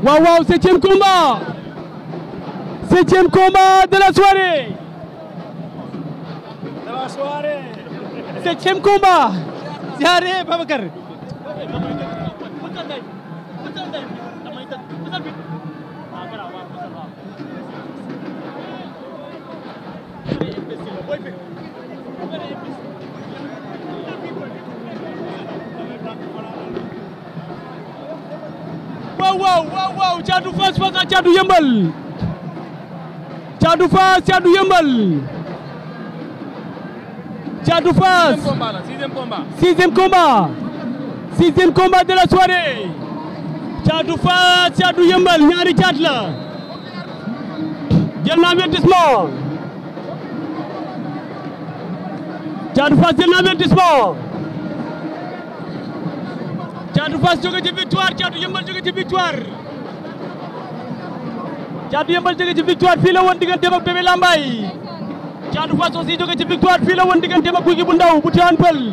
Waouh, waouh, septième combat Septième combat de la soirée De la soirée Septième combat Yaré, Babakar Thank waaw waaw waaw Thiatou Fass Fass ak Thiatou Yeumbeul Thiatou Fass Thiatou Yeumbeul Thiatou Fass sixième combat sixième combat sixième combat de la soirée ñaari caat la jël na avertissement Thiatou Fass jël na avertissement Thiatou Fass jóge ci victoire Thiatou Yeumbeul jóge ci victoire fii la woon digganteem ak Bébé Lambaye Thiatou Fass aussi jóge ci victoire fii la woon digganteem ak Gouye Gui bu bu Tivaouane Peulh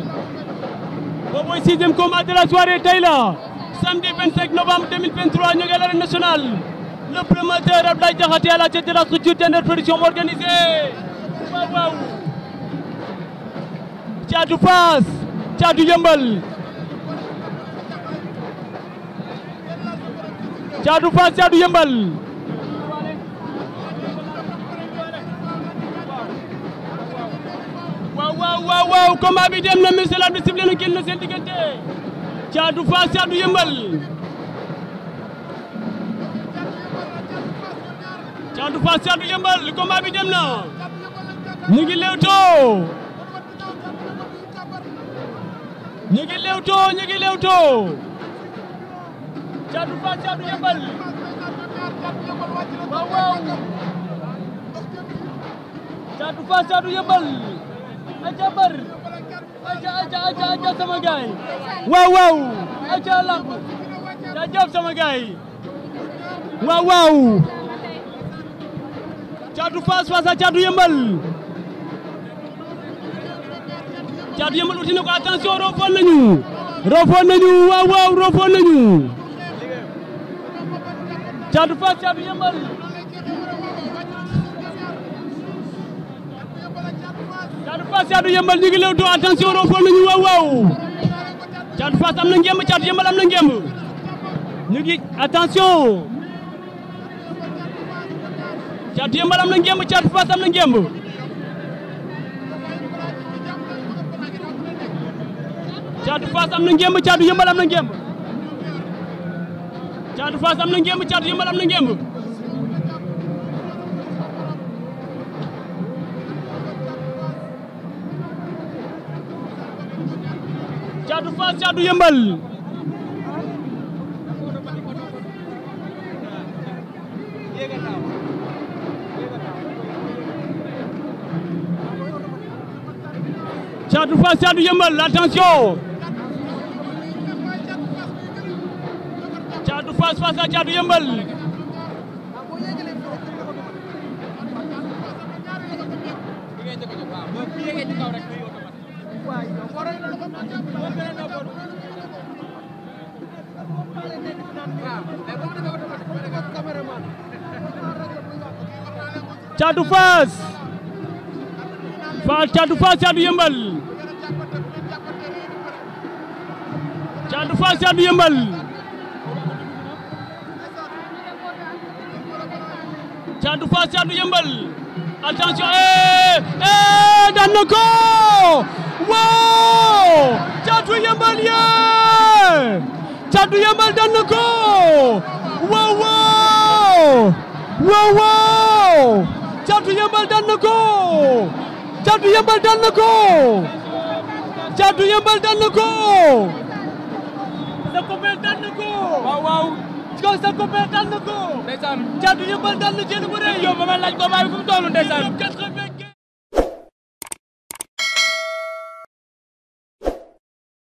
boobu mooy sixième combat de la soirée la samedi 25 novembre 2023 ñu ngi à l'arène nationale le promoteur Abdoulaye Diakhaté à la tête de Tender Production organisée waaw waaw Thiatou Fass Thiatou Yeumbeul Caatu Fass Caatu Yëmbal waaw waaw waaw waaw combat bi dem na monsieur l'arbitre sifflé na génn na seen diggante Caatu Fass Caatu Yëmbal Caatu Fass Caatu Yëmbal combat bi dem na ñu ngi lewtoo ñu ngi lewtoo ñu ngi lewtoo caatu Fass caatu yëmbal waaw waaw caatu Fass caatu yëmbal caatu Fass caatu yëmbal caatu yëmbal uti na ko attention roofoon nañu roofoon nañu waaw waaw roofoon nañu Thiatou Fass Thiatou Yeumbeul Thiatou Fass Thiatou Yeumbeul ñu ngi lew doo attention am na ngemb Thiatou Yeumbeul am na ngemb ñu ngi attention Thiatou Yeumbeul am na ngemb Thiatou Fass am na ngemb Thiatou Fass am na ngemb Caatu Faas am na ngemb Caatu Yëmbal am na Caatu Faas Caatu Yëmbal Caatu Faas Caatu Yëmbal attention face face à Thiatou Yeumbeul Thiatou Fass Fass Thiatou Fass Thiatou Thiatou Fass Thiatou Yeumbeul attention eh eh daan na ko waaw Thiatou Yeumbeul yee Thiatou Yeumbeul daan na ko waaw waaw waaw waaw Thiatou Yeumbeul daan na ko Thiatou Yeumbeul daan na ko Thiatou Yeumbeul daan na ko. Sa ko mel daan na ko waaw waaw. Thiaw Sarko daan na ko. ndeysaan Thiaw du ñu mbal daan na jël bu rëy. yow ma bi fu mu toll ndeysaan.